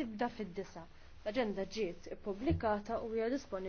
tibda fid-disa. L-aġenda ġiet ippubblikata u hija disponibbli.